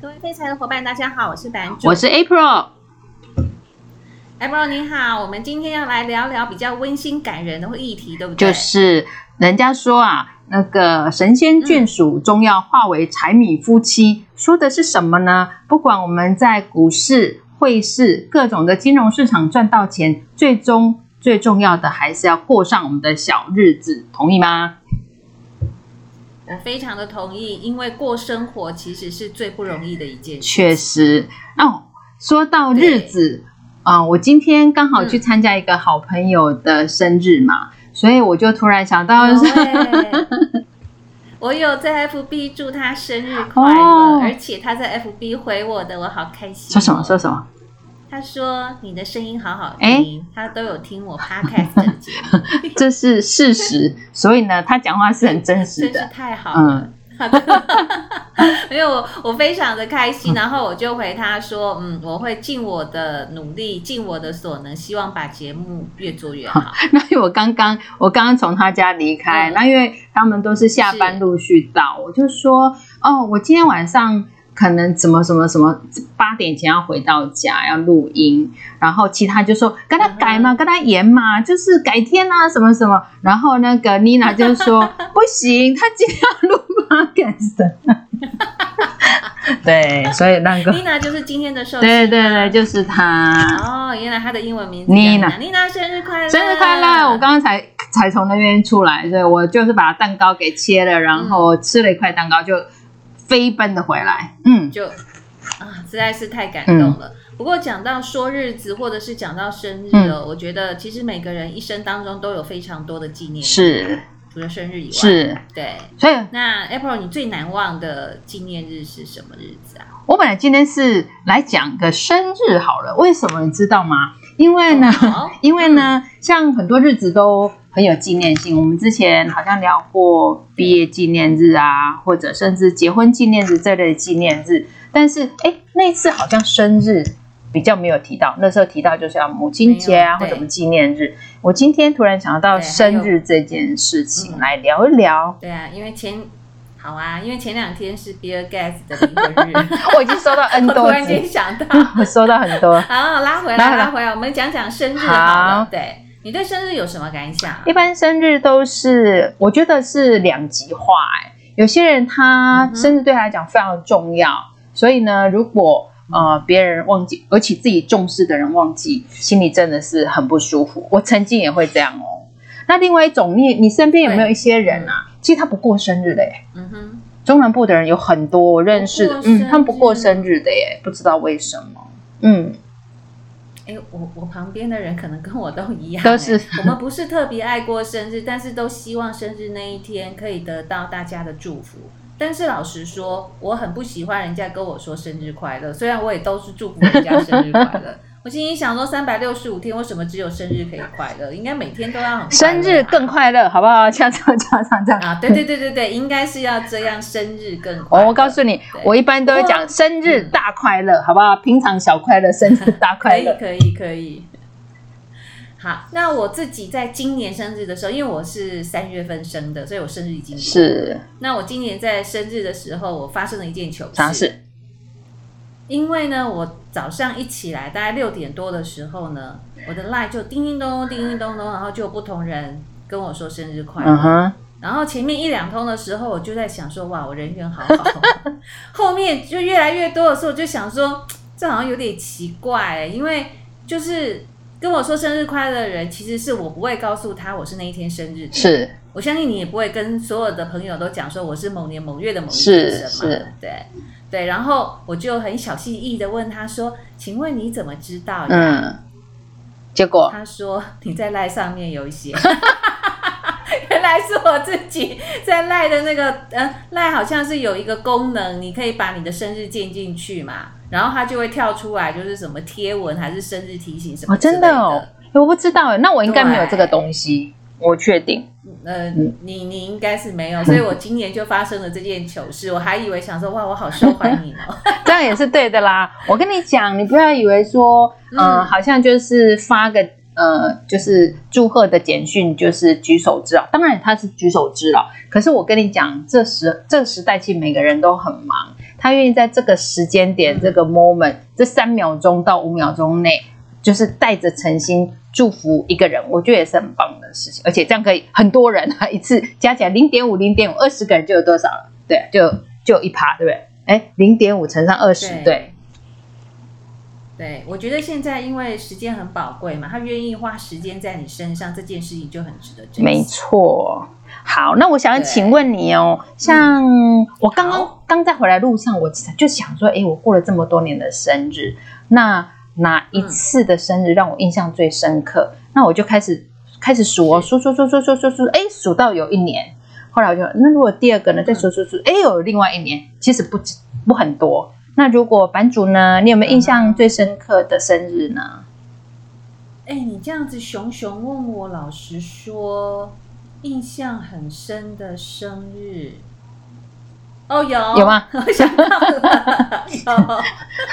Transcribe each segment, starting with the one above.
各位非財的夥伴，大家好，我是版主，我是 April，April April，你好，我們今天要來聊聊比較溫馨感人的會議題，對不對？就是人家說啊，那個神仙眷屬終要化為柴米夫妻，嗯，說的是什麼呢？不管我們在股市、匯市各種的金融市場賺到錢，最終最重要的還是要過上我們的小日子，同意嗎？我非常的同意，因為過生活其實是最不容易的一件事。確實，哦，說到日子啊、呃，我今天剛好去參加一個好朋友的生日嘛，嗯、所以我就突然想到、欸， 我有在 FB 祝他生日快樂，哦、而且他在 FB 回我的，我好開心、哦。說什麼？說什麼？他說你的聲音好好聽、欸，他都有聽我 podcast 這是事實。 所以呢，他講話是很真實的，真是太好了。嗯、 沒有我，我非常的開心、嗯。然後我就回他說，嗯，我會盡我的努力，盡我的所能，希望把節目越做越好。好，那因為我剛剛，我剛剛從他家離開、嗯，那因為他們都是下班陸續到，我就說，哦，我今天晚上。可能什麼什麼什麼，八點前要回到家，要錄音，然後其他就說跟他改嘛，跟他演嘛，就是改天啊，什麼什麼。然後那個 Nina 就說 不行，他今天要錄 Marcus 對，所以那個 Nina 就是今天的壽星。對對對，就是他。哦、oh，原來他的英文名字 Nina, Nina。Nina 生日快樂！生日快樂！我剛剛才才從那邊出來，所以我就是把蛋糕給切了，然後吃了一塊蛋糕就。嗯飛奔的回來，嗯，就啊，實在是太感動了。嗯、不過講到說日子，或者是講到生日了、喔嗯、我覺得其實每個人一生當中都有非常多的紀念日，是除了生日以外，是對。所以，那 April，你最難忘的紀念日是什麼日子啊？我本來今天是來講個生日好了，為什麼你知道嗎？因為呢，哦、因為呢、嗯，像很多日子都。很有紀念性。我們之前好像聊過畢業紀念日啊，或者甚至結婚紀念日這類紀念日，但是哎、欸，那次好像生日比較沒有提到。那時候提到就是要母親節啊，或者什麼紀念日。我今天突然想到生日這件事情來聊一聊。對，嗯、對啊，因為前好啊，因為前兩天是比爾蓋茲的個日， 我已經收到 N 多，我突然間想到， 我收到很多。好，拉回來，拉回來，回來我們講講生日好，好對。你對生日有什麼感想啊？一般生日都是，我覺得是兩極化。哎，有些人他生日對他來講非常重要，所以呢，如果呃別人忘記，而且自己重視的人忘記，心裡真的是很不舒服。我曾經也會這樣哦。那另外一種，你你身邊有沒有一些人啊？其實他不過生日的。哎，嗯哼，中南部的人有很多我認識，嗯，他們不過生日的。哎，不知道為什麼。嗯。哎，我我旁邊的人可能跟我都一樣誒，都是我們不是特別愛過生日，但是都希望生日那一天可以得到大家的祝福。但是老實說，我很不喜歡人家跟我說生日快樂，雖然我也都是祝福人家生日快樂。 我心裡想說，三百六十五天，為什麼只有生日可以快樂？應該每天都要很快樂、啊、生日更快樂，好不好？像這樣、這樣、這樣，這樣啊！對對對對對，應該是要這樣，生日更快樂……快、哦、樂我告訴你，我一般都會講生日大快樂、嗯，好不好？平常小快樂，生日大快樂， 可以可以可以。好，那我自己在今年生日的時候，因為我是三月份生的，所以我生日已經過了是……那我今年在生日的時候，我發生了一件糗事。因為呢，我早上一起來，大概六點多的時候呢，我的 line 就叮叮咚咚，叮叮咚咚，然後就有不同人跟我說生日快樂。Uh-huh. 然後前面一兩通的時候，我就在想說，哇，我人緣好好。 後面就越來越多的時候，我就想說，這好像有點奇怪欸，因為就是跟我說生日快樂的人，其實是我不會告訴他我是那一天生日的。是。我相信你也不會跟所有的朋友都講說我是某年某月的某一天生日嘛？對。對，然後我就很小心翼翼的問他說：“請問你怎麼知道呀？嗯，結果他說：“你在賴上面有一些， 原來是我自己在賴的那個，嗯、呃，賴好像是有一個功能，你可以把你的生日建進去嘛，然後它就會跳出來，就是什麼貼文還是生日提醒什麼。啊，真的哦？欸、我不知道，那我應該沒有這個東西，我確定。”嗯、呃、你你應該是沒有，所以我今年就發生了這件糗事。我還以為想說，哇，我好受歡迎哦， 這樣也是對的啦。我跟你講，你不要以為說，呃嗯、好像就是發個呃，就是祝賀的簡訊，就是舉手之勞。當然他是舉手之勞，可是我跟你講，這時這個時代其實每個人都很忙，他願意在這個時間點、嗯、這個 moment 這三秒鐘到五秒鐘內，就是帶着誠心。祝福一個人，我覺得也是很棒的事情，而且這樣可以很多人啊，一次加起來零點五、零點五，二十個人就有多少了？對，就就有一趴，對不對？哎，零點五乘上二十，對。對，我覺得現在因為時間很寶貴嘛，他願意花時間在你身上，這件事情就很值得珍惜。沒錯。好，那我想請問你哦，像我剛剛剛在回來路上，我就想說，哎，我過了這麼多年的生日，那。哪一次的生日讓我印象最深刻？嗯、那我就開始開始數哦，數數數數數數數，哎，數、欸、到有一年。後來我就說，那如果第二個呢，嗯、再數數數，哎、欸，有另外一年。其實不，不很多。那如果版主呢，你有沒有印象最深刻的生日呢？哎、嗯欸，你這樣子熊熊問我，老實說，印象很深的生日，哦，有有嗎？我想到了， 有。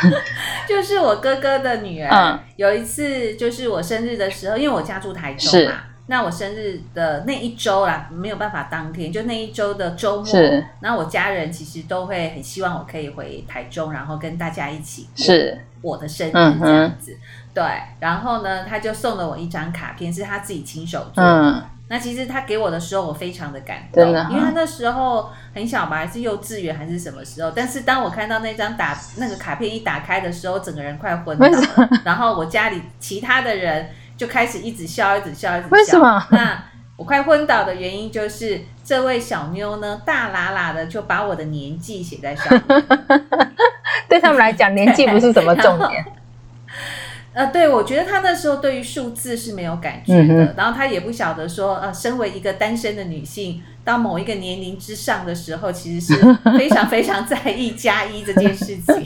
就是我哥哥的女兒、嗯,有一次就是我生日的時候，因為我家住台中嘛，那我生日的那一周啦，沒有辦法當天，就那一周的周末，那我家人其實都會很希望我可以回台中，然後跟大家一起過我的生日這樣子、嗯。對，然後呢，他就送了我一張卡片，是他自己親手做的。嗯那其實他給我的時候，我非常的感動，對，因為那時候很小嘛，還是幼稚園還是什麼時候？但是當我看到那張打那個卡片一打開的時候，整個人快昏倒了。然後我家裡其他的人就開始一直笑，一直笑，一直笑。為什麼？那我快昏倒的原因就是，這位小妞呢，大喇喇的就把我的年紀寫在上面。 對他們來講，年紀不是什麼重點。 呃，對，我覺得他那時候對於數字是沒有感覺的，嗯，然後他也不曉得說，呃，身為一個單身的女性，到某一個年齡之上的時候，其實是非常非常在意 加一這件事情。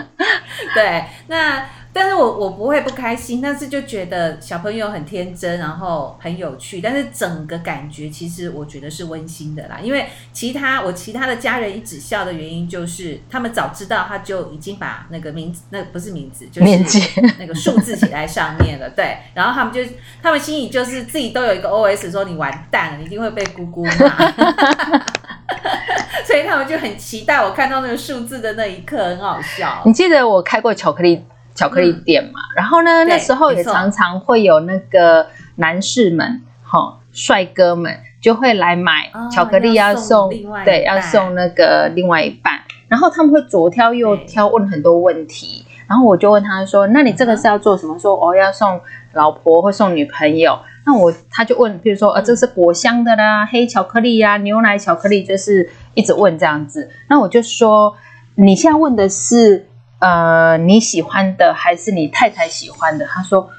對，那。但是我我不會不開心，但是就覺得小朋友很天真，然後很有趣。但是整個感覺其實我覺得是溫馨的啦。因為其他我其他的家人一直笑的原因，就是他們早知道他就已經把那個名字，那不是名字，就是那個數字寫在上面了。對，然後他們就他們心裡就是自己都有一個 OS 說你完蛋了，你一定會被姑姑罵。 所以他們就很期待我看到那個數字的那一刻，很好笑。你記得我開過巧克力？巧克力店嘛、嗯，然後呢，那時候也常常會有那個男士們，齁，帥哥們就會來買巧克力，要送，對，要送那個另外一半。然後他們會左挑右挑，問很多問題。然後我就問他說：“那你這個是要做什麼？說我、哦、要送老婆或送女朋友？那我他就問，譬如說，呃，這是果香的啦，黑巧克力呀、啊，牛奶巧克力，就是一直問這樣子。那我就說，你現在問的是。”呃，你喜歡的還是你太太喜歡的？他說，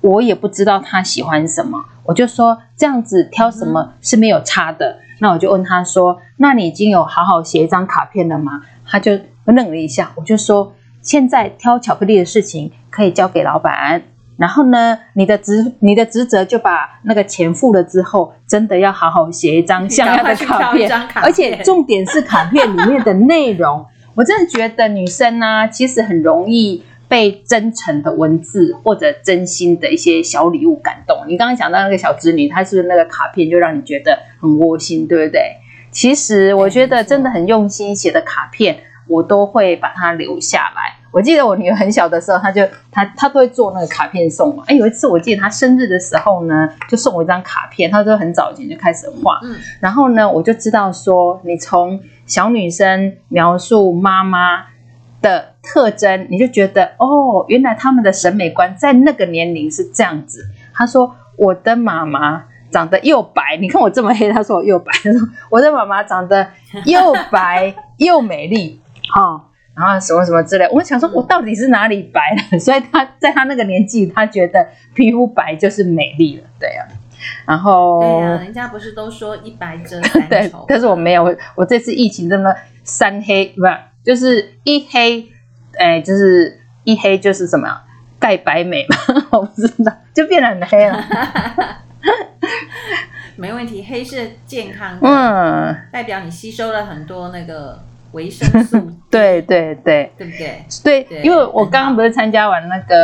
我也不知道他喜歡什麼。我就說，這樣子挑什麼是沒有差的。嗯、那我就問他說，那你已經有好好寫一張卡片了嗎？他就愣了一下。我就說，現在挑巧克力的事情可以交給老闆，然後呢，你的職你的職責就把那個錢付了之後，真的要好好寫一張像樣的卡片。卡片，而且重點是卡片裡面的內容。 我真的覺得女生呢、啊，其實很容易被真誠的文字或者真心的一些小禮物感動。你剛剛講到那個小侄女，她是不是那個卡片，就讓你覺得很窩心，對不對？其實我覺得真的很用心寫的卡片，我都會把它留下來。我記得我女兒很小的時候，她就她她都會做那個卡片送我。哎、欸，有一次我記得她生日的時候呢，就送我一張卡片。她說很早以前就開始畫、嗯，然後呢，我就知道說，你從小女生描述媽媽的特徵，你就覺得哦，原來她們的審美觀在那個年齡是這樣子。她說我的媽媽長得又白，你看我這麼黑，她說我又白。她說我的媽媽長得又白又美麗，哈、 哦。然後什麼什麼之類，我想說，我到底是哪裡白了、嗯？所以他在他那個年紀，他覺得皮膚白就是美麗了，對呀、啊。然後對呀、啊，人家不是都說一白遮百醜 對？但是我沒有我，我這次疫情真的三黑，不是就是一黑，哎，就是一黑就是什麼蓋白美嘛？我不知道，就變得很黑了。哈哈哈哈 沒問題，黑是健康的，嗯，代表你吸收了很多那個。維生素， 對對對，對不對，對？對，因為我剛剛不是參加完那個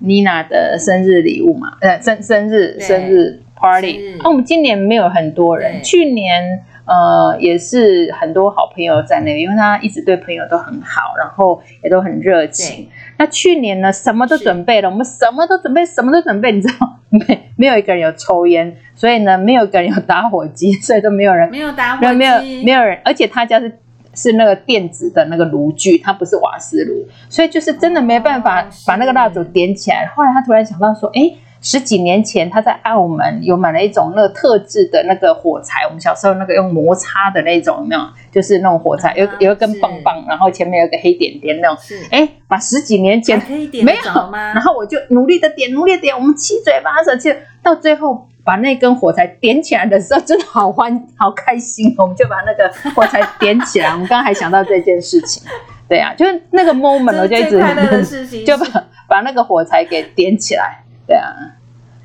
妮娜的生日禮物嘛，呃、嗯，生生日生日 party，那、啊、我們今年沒有很多人，去年呃也是很多好朋友在那裡，因為他一直對朋友都很好，然後也都很熱情。那去年呢，什麼都準備了，我們什麼都準備，什麼都準備，你知道，沒沒有一個人有抽菸，所以呢，沒有一個人有打火機，所以都沒有人沒有打火機，沒有沒有，沒有人，而且他家是。是那個電子的那個爐具，它不是瓦斯爐，所以就是真的沒辦法把那個蠟燭點起來，嗯。後來他突然想到說，哎、欸，十幾年前他在澳門有買了一種那個特製的那個火柴，我們小時候那個用摩擦的那種，有沒有？就是那種火柴，嗯啊、有有一根棒棒，然後前面有個黑點點那種。哎、欸，把十幾年前沒有，然後我就努力的點，努力的點，我們七嘴八舌去，到最後。把那根火柴點起來的時候，真的好歡好開心，哦，我們就把那個火柴點起來。 我們剛剛還想到這件事情，對啊，就是那個 moment 我 就一直就把把那個火柴給點起來，對啊。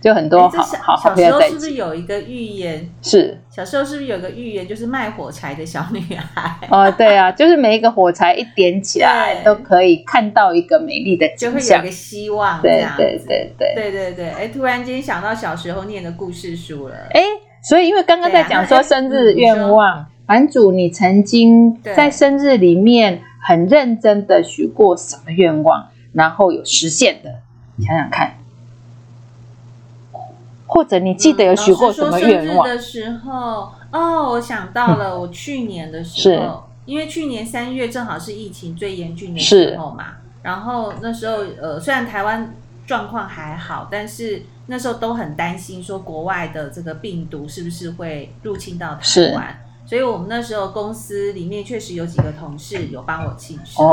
就很多好、欸小。小時候是不是有一個寓言？是，小時候是不是有個寓言，就是賣火柴的小女孩？哦，對啊，就是每一個火柴一點起來，都可以看到一個美麗的景象，就會有一個希望。對對對對對對對。哎、欸，突然間想到小時候念的故事書了。哎、欸，所以因為剛剛在講說生日願望，版、啊、主你曾經在生日裡面很認真的許過什麼願望，然後有實現的？想想看。或者你記得有許過什麼願望？嗯、說說生日的時候哦，我想到了，我去年的時候，嗯、因為去年三月正好是疫情最嚴峻的時候嘛，然後那時候呃，雖然台灣狀況還好，但是那時候都很擔心，說國外的這個病毒是不是會入侵到台灣。所以我們那時候公司裡面確實有幾個同事有幫我慶生，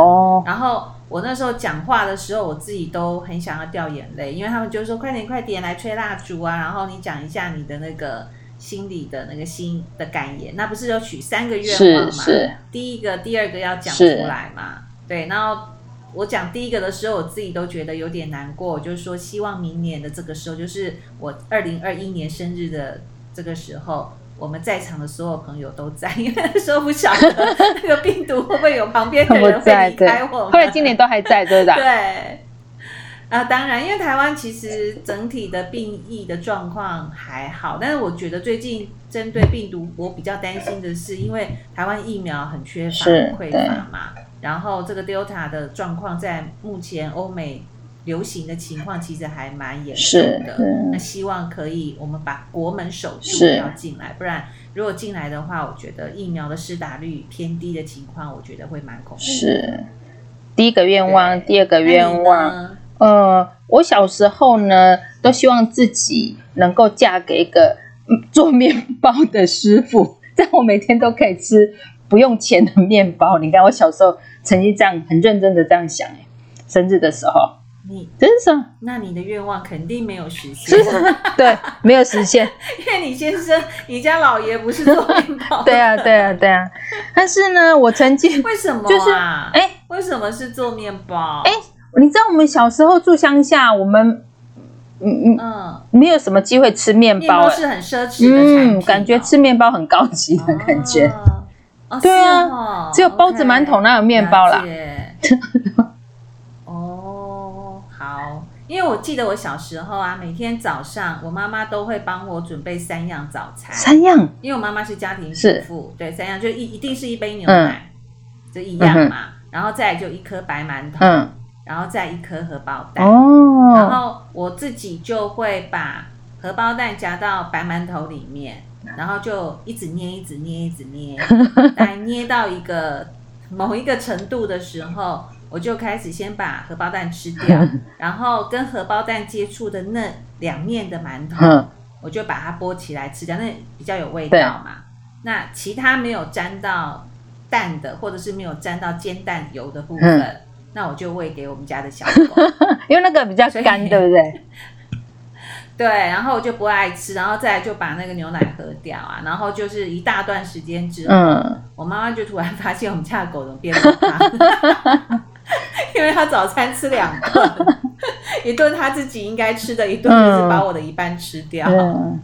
然後我那時候講話的時候，我自己都很想要掉眼淚，因為他們就說快點快點來吹蠟燭啊，然後你講一下你的那個心裡的那個心的感言，那不是有許三個願望嘛，是第一個第二個要講出來嘛，對，然後我講第一個的時候，我自己都覺得有點難過，就是說希望明年的這個時候，就是我二零二一年生日的這個時候，我們在場的所有朋友都在，因為說不曉得那個病毒會不會有旁邊的人會離開我們。後來今年都還在，對吧？對啊。呃，當然，因為台灣其實整體的病疫的狀況還好，但是我覺得最近針對病毒，我比較擔心的是，因為台灣疫苗很缺乏，匱乏嘛。然後這個 Delta 的狀況在目前歐美流行的情況其實還蠻嚴重的，是是，那希望可以我們把國門守住，不要進來。不然如果進來的話，我覺得疫苗的施打率偏低的情況，我覺得會蠻恐怖的。是第一個願望，第二個願望，呃，我小時候呢，都希望自己能夠嫁給一個做麵包的師傅，但我每天都可以吃不用錢的麵包。你看，我小時候曾經這樣很認真的這樣想，哎，生日的時候。你，真是，那你的願望肯定沒有實現。是對，沒有實現， 因為你先生，你家老爺不是做麵包的。 對啊，對啊，對啊。但是呢，我曾經為什麼、啊、就是哎，為什麼是做麵包？哎，你知道我們小時候住鄉下，我們嗯嗯嗯，沒有什麼機會吃麵包，是很奢侈的、啊。嗯，感覺吃麵包很高級的感覺。哦、對啊、哦啊哦，只有包子、饅頭，哪、okay, 有麵包啦。 哦、因為我記得我小時候啊，每天早上我媽媽都會幫我準備三樣早餐，三樣。因為我媽媽是家庭主婦，對，三樣就一一定是一杯牛奶，就、嗯、一樣嘛、嗯，然後再就一顆白饅頭，嗯、然後再一顆荷包蛋、哦。然後我自己就會把荷包蛋夾到白饅頭裡面，然後就一直捏，一直捏，一直捏，一直捏 來捏到一個某一個程度的時候。我就開始先把荷包蛋吃掉， 然後跟荷包蛋接觸的那兩面的饅頭，嗯、我就把它剝起來吃掉，那比較有味道嘛。那其他沒有沾到蛋的，或者是沒有沾到煎蛋油的部分，嗯、那我就餵給我們家的小狗， 因為那個比較乾，對不對？ 對，然後我就不愛吃，然後再來就把那個牛奶喝掉啊，然後就是一大段時間之後，嗯、我媽媽就突然發現我們家的狗都變了。 因為他早餐吃兩頓， 一頓他自己應該吃的一頓，就是把我的一半吃掉，嗯。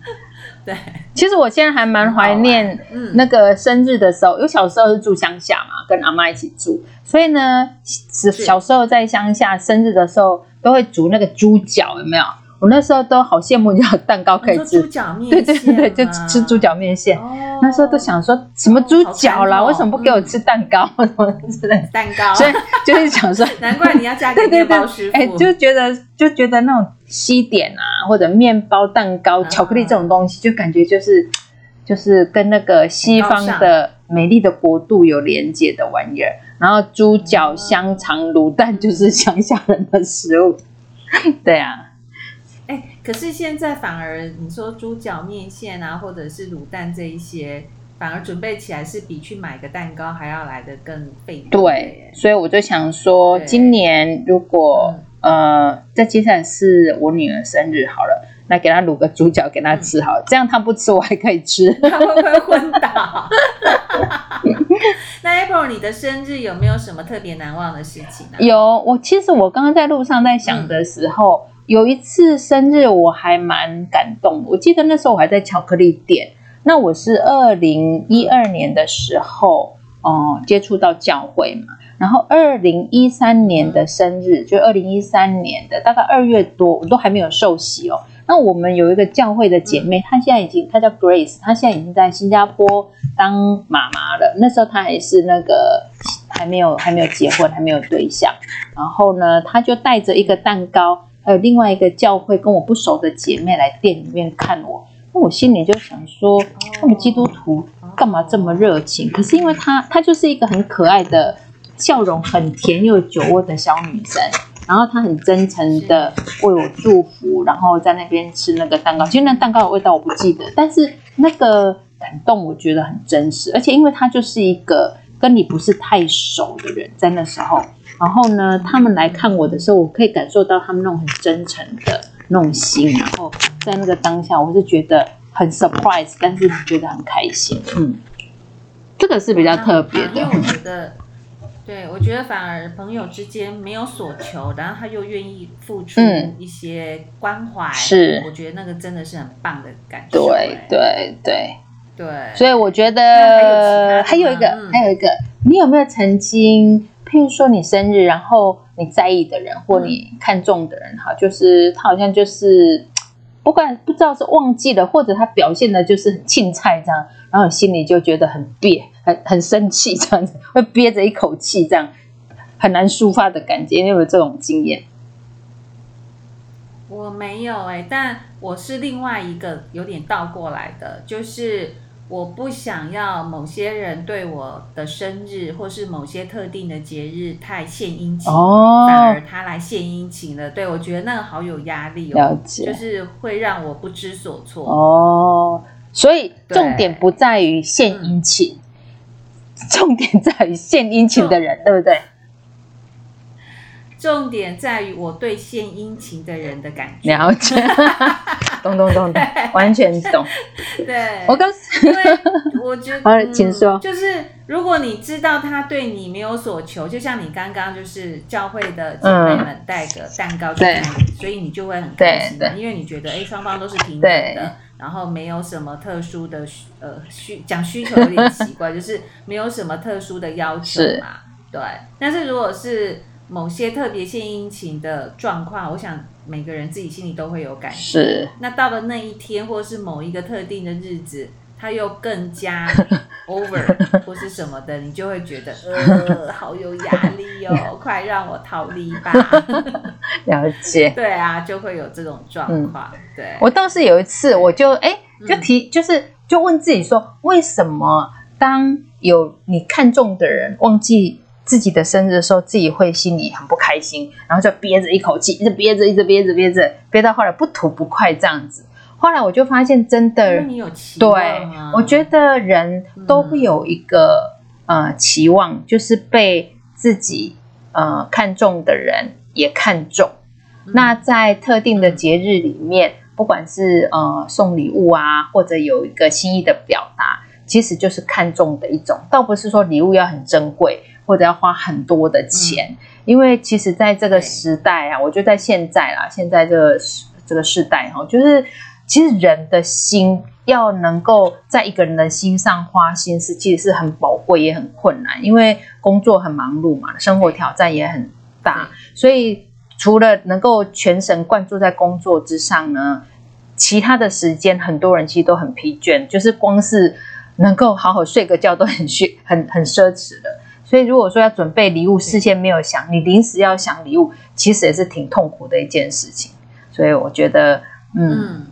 對，其實我現在還蠻懷念那個生日的時候，嗯、因為小時候是住鄉下嘛，跟阿媽一起住，所以呢，小時候在鄉下生日的時候，都會煮那個豬腳，有沒有？我那時候都好羨慕，有蛋糕可以吃，對對對，就吃豬腳麵線，哦。哦哦，那時候都想說什麼豬腳啦，為什麼不給我吃蛋糕？什麼吃的蛋糕，所以就是想說，難怪你要嫁給麵包師傅。哎，就覺得就覺得那種西點啊，或者麵包、蛋糕、巧克力這種東西，就感覺就是就是跟那個西方的美麗的國度有連結的玩意兒。然後豬腳、香腸、滷蛋就是鄉下人的食物，對啊。可是現在反而你說豬腳麵線啊，或者是滷蛋這一些，反而準備起來是比去買個蛋糕還要來得更費。對，所以我就想說，今年如果呃，在接下來是我女兒生日好了，那給她滷個豬腳給她吃好了、嗯，這樣她不吃我還可以吃，她會不會昏倒？ 那 April 你的生日有沒有什麼特別難忘的事情呢、啊？有，我其實我剛剛在路上在想的時候。嗯有一次生日，我還蠻感動的。我記得那時候我還在巧克力店。那我是二零一二年的時候，哦，接觸到教會嘛。然後二零一三年的生日，就二零一三年的大概二月多，我都還沒有受洗哦。那我們有一個教會的姐妹，她現在已經她叫 Grace，她現在已經在新加坡當媽媽了。那時候她還是那個還沒有還沒有結婚，還沒有對象。然後呢，她就帶着一個蛋糕。還有另外一個教會跟我不熟的姐妹來店裡面看我，那我心裡就想說，他們基督徒幹嘛這麼熱情？可是因為她，她就是一個很可愛的笑容很甜又有酒窩的小女生，然後她很真誠的為我祝福，然後在那邊吃那個蛋糕。其實那個蛋糕的味道我不記得，但是那個感動我覺得很真實，而且因為她就是一個跟你不是太熟的人，在那時候。然後呢，他們來看我的時候，我可以感受到他們那種很真誠的那種心。然後在那個當下，我是覺得很 surprised，但是，是覺得很開心。嗯，這個是比較特別的。因為我覺得，對我覺得反而朋友之間沒有所求，然後他又願意付出一些關懷，嗯、是，我覺得那個真的是很棒的感覺。對對對對，所以我覺得還有還有一個，還有一個，嗯、你有沒有曾經？譬如說你生日，然後你在意的人或你看中的人，哈、嗯，好就是他好像就是，不管不知道是忘記了，或者他表現的就是很青菜這樣，然後你心裡就覺得很憋，很很生氣這樣子，會憋着一口氣這樣，很難抒發的感覺，你有沒有這種經驗？我沒有哎、欸，但我是另外一個有點倒過來的，就是。我不想要某些人對我的生日，或是某些特定的節日太獻殷勤，哦、反而他來獻殷勤了。對，我覺得那個好有壓力哦，就是會讓我不知所措。哦，所以重點不在於獻殷勤，嗯、重點在於獻殷勤的人，嗯、對不對？重點在於我對獻殷勤的人的感覺。 了解，懂懂懂懂，完全懂。對，我剛因為我覺得， 嗯、就是如果你知道他對你沒有所求，就像你剛剛就是教會的姐妹們帶的蛋糕，嗯，對，所以你就會很開心，因為你覺得哎，雙方都是平等的，然後沒有什麼特殊的呃需講需求有點奇怪， 就是沒有什麼特殊的要求嘛，對。但是如果是某些特別獻殷勤的狀況，我想每個人自己心裡都會有感覺。那到了那一天，或是某一個特定的日子，他又更加 over， 或是什麼的，你就會覺得， 呃，好有壓力哦， 快讓我逃離吧。 了解。對啊，就會有這種狀況。嗯、對。我倒是有一次，我就哎、欸，就提，嗯、就是就問自己說，為什麼當有你看中的人忘記？自己的生日的時候，自己會心裡很不開心，然後就憋着一口氣，一直憋着，一直憋着，憋着，憋到後來不吐不快這樣子。後來我就發現，真的，你有期望啊，對、嗯、我覺得人都會有一個呃期望，就是被自己呃看中的人也看中、嗯。那在特定的節日裡面，不管是呃送禮物啊，或者有一個心意的表達。其實就是看重的一種，倒不是說禮物要很珍貴或者要花很多的錢、嗯，因為其實在這個時代啊，嗯、我覺得在現在啦、啊，現在這個這個時代哈、啊，就是其實人的心要能夠在一個人的心上花心思，其實是很寶貴也很困難，因為工作很忙碌嘛，生活挑戰也很大，嗯、所以除了能夠全神貫注在工作之上呢，其他的時間很多人其實都很疲倦，就是光是。能夠好好睡個覺都很虛，很很奢侈的。所以如果說要準備禮物，事先沒有想，你臨時要想禮物，其實也是挺痛苦的一件事情。所以我覺得，嗯，嗯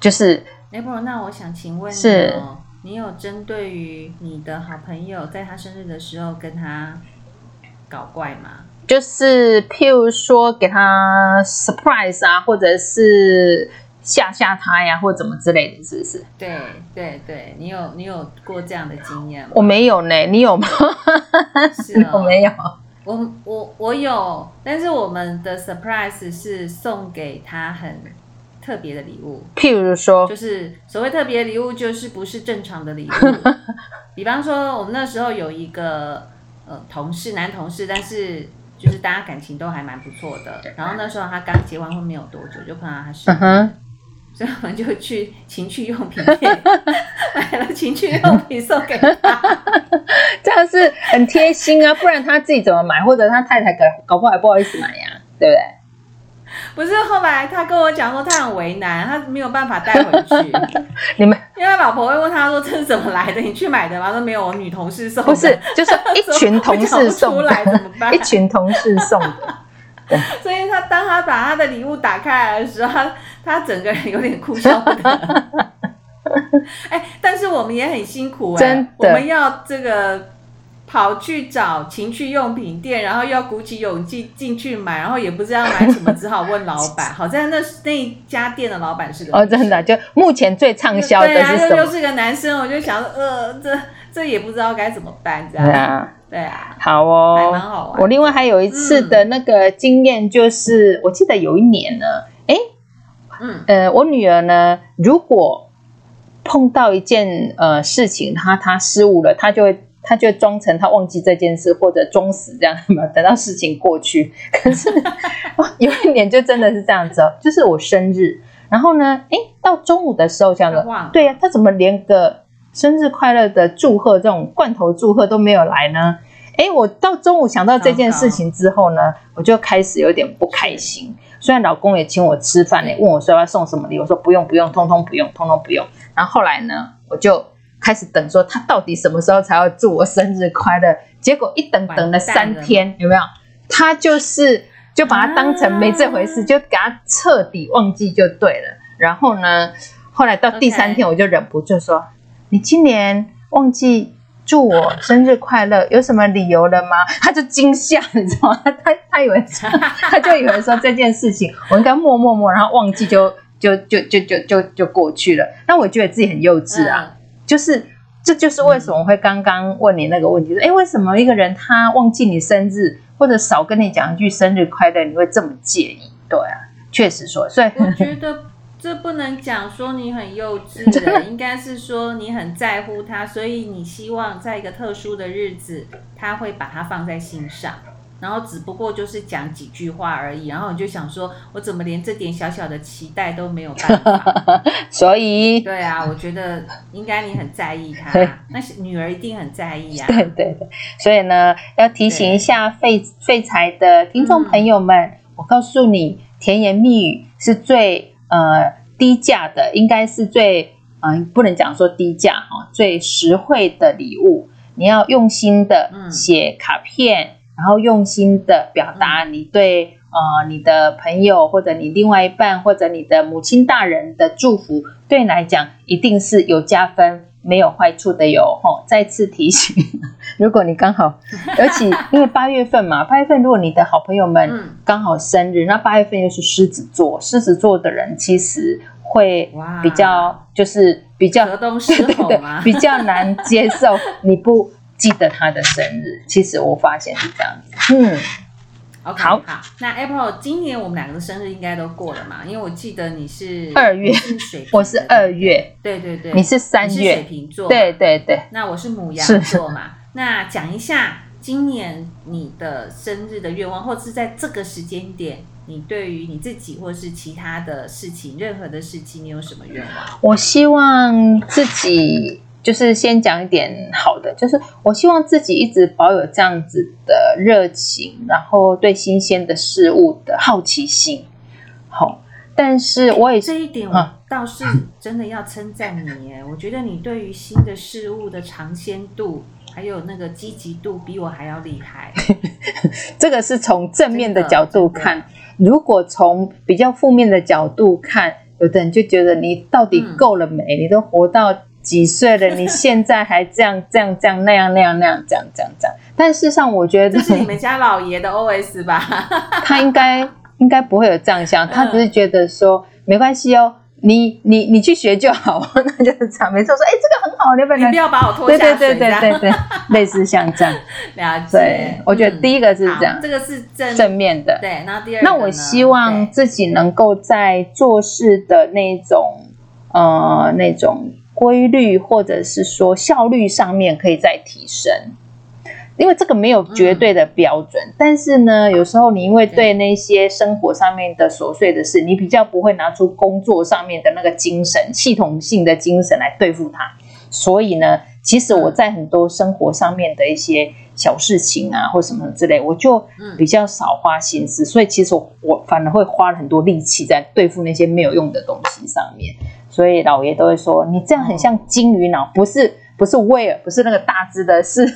就是 April 那我想請問、哦，是你有針對於你的好朋友，在他生日的時候跟他搞怪嗎？就是譬如說給他 surprise 啊，或者是。嚇嚇他呀，或怎麼之類的是不是？對對對，你有你有過這樣的經驗嗎？我沒有呢，你有嗎？ 是哦、我沒有，我我我有，但是我們的 surprise 是送給他很特別的禮物，譬如說，就是所謂特別的禮物，就是不是正常的禮物， 比方說，我們那時候有一個、呃、同事，男同事，但是就是大家感情都還蠻不錯的，然後那時候他剛結完婚沒有多久，就碰到他是所以我們就去情趣用品店買了情趣用品送給他， 這樣是很貼心啊！不然他自己怎麼買，或者他太太搞搞不好不好意思買呀、啊，對不對？不是，後來他跟我講說他很為難，他沒有辦法帶回去。 你們因為老婆會問他說這是怎麼來的？你去買的嗎？他說沒有，我女同事送，不是，就是一群同事送 出來，怎麼辦？ 一群同事送的。對。所以他當他把他的禮物打開來的時候。他他整個人有點哭笑不得。哎、 欸，但是我們也很辛苦哎、欸，我們要這個跑去找情趣用品店，然後又要鼓起勇氣進去買，然後也不知道買什麼， 只好問老闆。好在那那一家店的老闆是個哦，真的，啊，就目前最暢銷的就對，啊、又，又是個男生，我就想，呃，這這也不知道該怎麼辦，知道嗎？對啊對啊，好哦，還蠻好玩。我另外還有一次的那個經驗，就是、嗯、我記得有一年呢，啊。嗯，呃，我女兒呢，如果碰到一件呃事情，她她失誤了，她就會她就裝成她忘記這件事，或者裝死這樣嘛，等到事情過去。可是、 哦、有一年就真的是這樣子哦， 就是我生日，然後呢，哎，到中午的時候想着，對呀、啊，她怎麼連個生日快樂的祝賀這種罐頭祝賀都沒有來呢？哎，我到中午想到這件事情之後呢，我就開始有點不開心。雖然老公也請我吃飯呢、欸，問我說要送什麼禮，我說不用不用，通通不用，通通不用。然後後來呢，我就開始等，說他到底什麼時候才要祝我生日快樂？結果一等等了三天，有沒有？他就是就把他當成沒這回事，啊，就給他徹底忘記就對了。然後呢，後來到第三天，我就忍不住說：“ Okay. 你今年忘記。”祝我生日快樂，有什麼理由了嗎？他就驚嚇，你知道嗎？他他以為，他就以為說這件事情，我應該默默默，然後忘記就就就就就就就，就過去了。但我覺得自己很幼稚啊，嗯、就是這就是為什麼我會剛剛問你那個問題，說、嗯、哎、欸、為什麼一個人他忘記你生日，或者少跟你講一句生日快樂，你會這麼介意？對啊，確實說，所以我覺得。這不能講說你很幼稚的、欸， 應該是說你很在乎他，所以你希望在一個特殊的日子，他會把他放在心上，然後只不過就是講幾句話而已，然後你就想說我怎麼連這點小小的期待都沒有辦法？ 所以對啊，我覺得應該你很在意他， 那女兒一定很在意啊。對對對，所以呢，要提醒一下廢廢柴的聽眾朋友們、嗯，我告訴你，甜言蜜語是最。呃，低價的應該是最，嗯、呃，不能講說低價哦，最實惠的禮物，你要用心的寫卡片，嗯，然後用心的表達你對，嗯、呃，你的朋友或者你另外一半或者你的母親大人的祝福，對你來講一定是有加分。沒有壞處的喲，吼！再次提醒，如果你剛好，而且因為八月份嘛，八月份如果你的好朋友們剛好生日，嗯、那八月份又是獅子座，獅子座的人其實會比較就是比較，對對對對，比較難接受你不記得他的生日。其實我發現是這樣子，嗯。OK，好,好。那 April，今年我們兩個的生日應該都過了嘛？因為我記得你是二月是水，我是二月對對，對對對，你是三月，你是水瓶座，對對對。那我是牡羊座嘛？那講一下今年你的生日的願望，或者是在這個時間點，你對於你自己或是其他的事情，任何的事情，你有什麼願望？我希望自己。就是先講一點好的，就是我希望自己一直保有這樣子的熱情，然後對新鮮的事物的好奇心。好、哦，但是我也是這一點，我倒是真的要稱讚你耶、嗯。我覺得你對於新的事物的嘗鮮度，還有那個積極度，比我還要厲害。 這個是從正面的角度看、這個，如果從比較負面的角度看，有的人就覺得你到底夠了沒？嗯、你都活到。幾歲了？你現在還這樣這樣這樣那樣那樣那樣這樣這樣這樣？但事實上，我覺得這是你們家老爺的 O S 吧？ 他應該應該不會有這樣想，他只是覺得說、嗯、沒關係哦，你你你，你去學就好， 那就是這樣沒錯。說誒、欸、這個很好，你不要你不要把我拖下水。對對對，對，對類似像這樣。 對，我覺得第一個是這樣，這個是正正面的。對，那第二個，那我希望自己能夠在做事的那種呃那種，規律或者是說效率上面可以再提升，因為這個沒有絕對的標準，但是呢，有時候你因為對那些生活上面的瑣碎的事，你比較不會拿出工作上面的那個精神、系統性的精神來對付它，所以呢，其實我在很多生活上面的一些小事情啊或什麼之類，我就比較少花心思，所以其實我反而會花了很多力氣在對付那些沒有用的東西上面。所以老爺都會說，你這樣很像鯨魚腦，嗯，不是不是威爾，不是那個大隻的是，是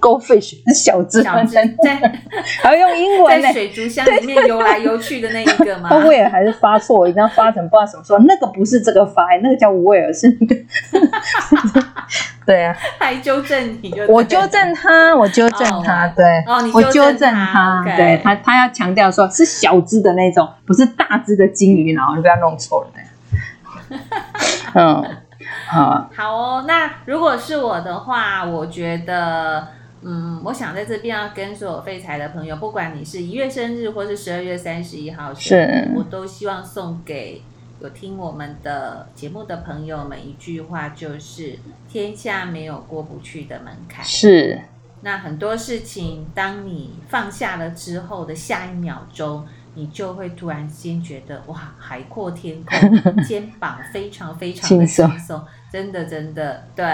goldfish，是小隻的，小隻呵呵 還要用英文在水族箱裡面游來游去的那一個嘛。威 爾還是發錯，一定要發成不知道怎麼說，那個不是這個發，那個叫威爾是那個。 對啊，他還糾正你，我糾正他，我糾正他，哦、對我糾、哦、正他，正他 okay、對他他要強調說是小隻的那種，不是大隻的鯨魚腦，你不要弄錯了。對嗯、 哦，好、啊，好哦。那如果是我的話，我覺得，嗯，我想在這邊要跟所有廢柴的朋友，不管你是一月生日或是十二月三十一號，是，我都希望送給有聽我們的節目的朋友們一句話，就是：天下沒有過不去的門檻。是，那很多事情，當你放下了之後的下一秒鐘。你就會突然間覺得哇，海闊天空，肩膀非常非常的輕鬆， 真的真的對。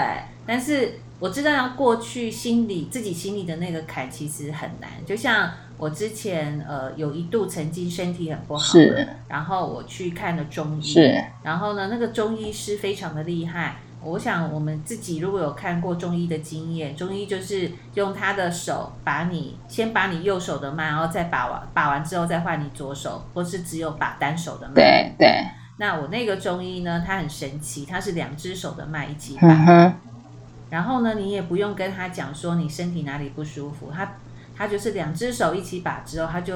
但是我知道，要過去心裡自己心裡的那個坎其實很難。就像我之前呃，有一度曾經身體很不好，是，然後我去看了中醫，是，然後呢，那個中醫師非常的厲害。我想，我們自己如果有看過中醫的經驗，中醫就是用他的手把你先把你右手的脈，然後再把完，把完之後再換你左手，或是只有把單手的脈。對對。那我那個中醫呢，他很神奇，他是兩隻手的脈一起把。呵呵。然後呢，你也不用跟他講說你身體哪裡不舒服，他他就是兩隻手一起把之後，他就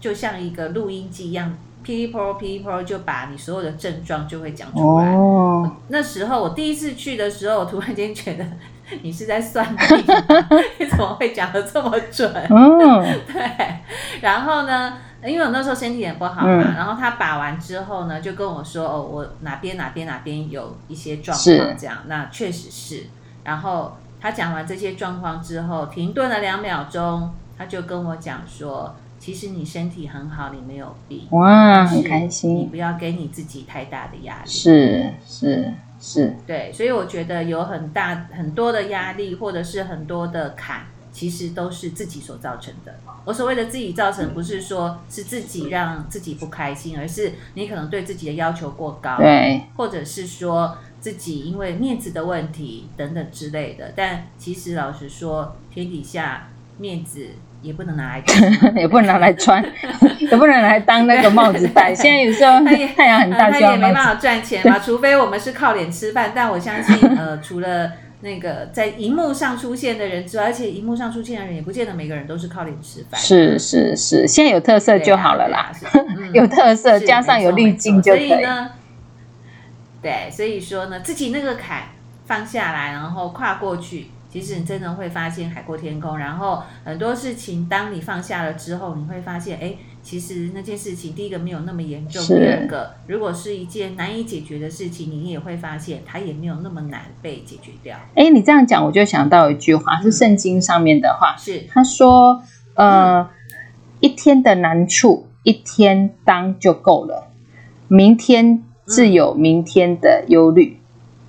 就像一個錄音機一樣。People, people 就把你所有的症狀就會講出來。oh. 那時候我第一次去的時候，我突然間覺得你是在算命， 你怎麼會講得這麼準？嗯、oh. 對。然後呢，因為我那時候身體也不好嘛，mm. 然後他把完之後呢，就跟我說：“哦，我哪邊哪邊哪邊有一些狀況這樣。”那確實是。然後他講完這些狀況之後，停頓了兩秒鐘，他就跟我講說。其實你身體很好，你沒有病，哇，很開心。你不要給你自己太大的壓力，是是是，對。所以我覺得有很大很多的壓力，或者是很多的坎，其實都是自己所造成的。我所謂的自己造成，不是說是自己讓自己不開心，而是你可能對自己的要求過高，對，或者是說自己因為面子的問題等等之類的。但其實老實說，天底下面子。也不能拿來吃， 也不能拿來穿， 也不能拿來當那個帽子戴。 現在有時候 太陽很大，就也沒辦法賺錢嘛。 除非我們是靠臉吃飯，但我相信，呃， 除了那個在熒幕上出現的人之外，而且熒幕上出現的人也不見得每個人都是靠臉吃飯。是是是，現在有特色就好了啦，對啊對啊啊嗯、 有特色加上有濾鏡，所以呢，對，所以說呢，自己那個坎放下來，然後跨過去。其實你真的會發現海闊天空，然後很多事情，當你放下了之後，你會發現，哎，其實那件事情，第一個沒有那麼嚴重，第二個，如果是一件難以解決的事情，你也會發現它也沒有那麼難被解決掉。哎，你這樣講，我就想到有一句話、嗯，是聖經上面的話，是它說，呃、嗯，一天的難處，一天當就夠了，明天自有明天的憂慮。嗯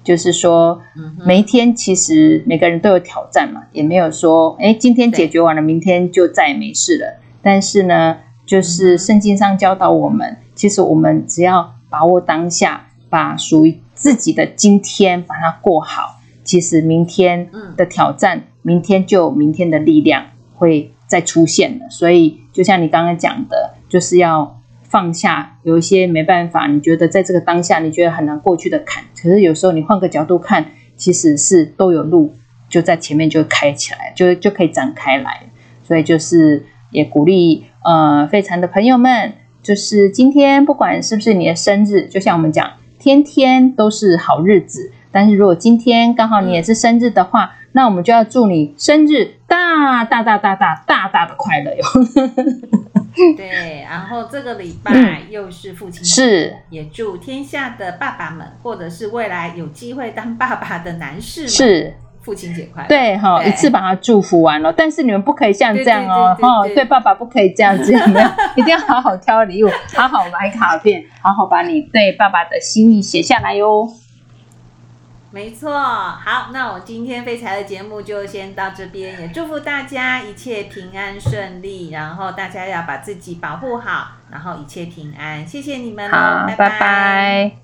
就是說，每一天其實每個人都有挑戰嘛，也沒有說，哎，今天解決完了，明天就再也沒事了。但是呢，就是聖經上教導我們、嗯，其實我們只要把握當下，把屬於自己的今天把它過好，其實明天的挑戰，明天就有明天的力量會再出現了。所以，就像你剛剛講的，就是要。放下有一些沒辦法，你覺得在這個當下，你覺得很難過去的坎。可是有時候你換個角度看，其實是都有路，就在前面就開起來，就就可以展開來。所以就是也鼓勵，呃，非常的朋友們，就是今天不管是不是你的生日，就像我們講，天天都是好日子。但是如果今天剛好你也是生日的話，嗯那我們就要祝你生日大大大大大大大的快樂喲、哦！對，然後這個禮拜又是父親節、嗯、是，也祝天下的爸爸們，或者是未來有機會當爸爸的男士們，是父親節快樂！對哈，一次把它祝福完了，但是你們不可以像這樣哦，哈、哦，對爸爸不可以這樣子， 一定要好好挑禮物， 好好買卡片，好好把你對爸爸的心意寫下來喲、哦。沒錯，好，那我今天廢材的節目就先到這邊，也祝福大家一切平安順利，然後大家要把自己保護好，然後一切平安，謝謝你們，哦，拜拜。拜拜。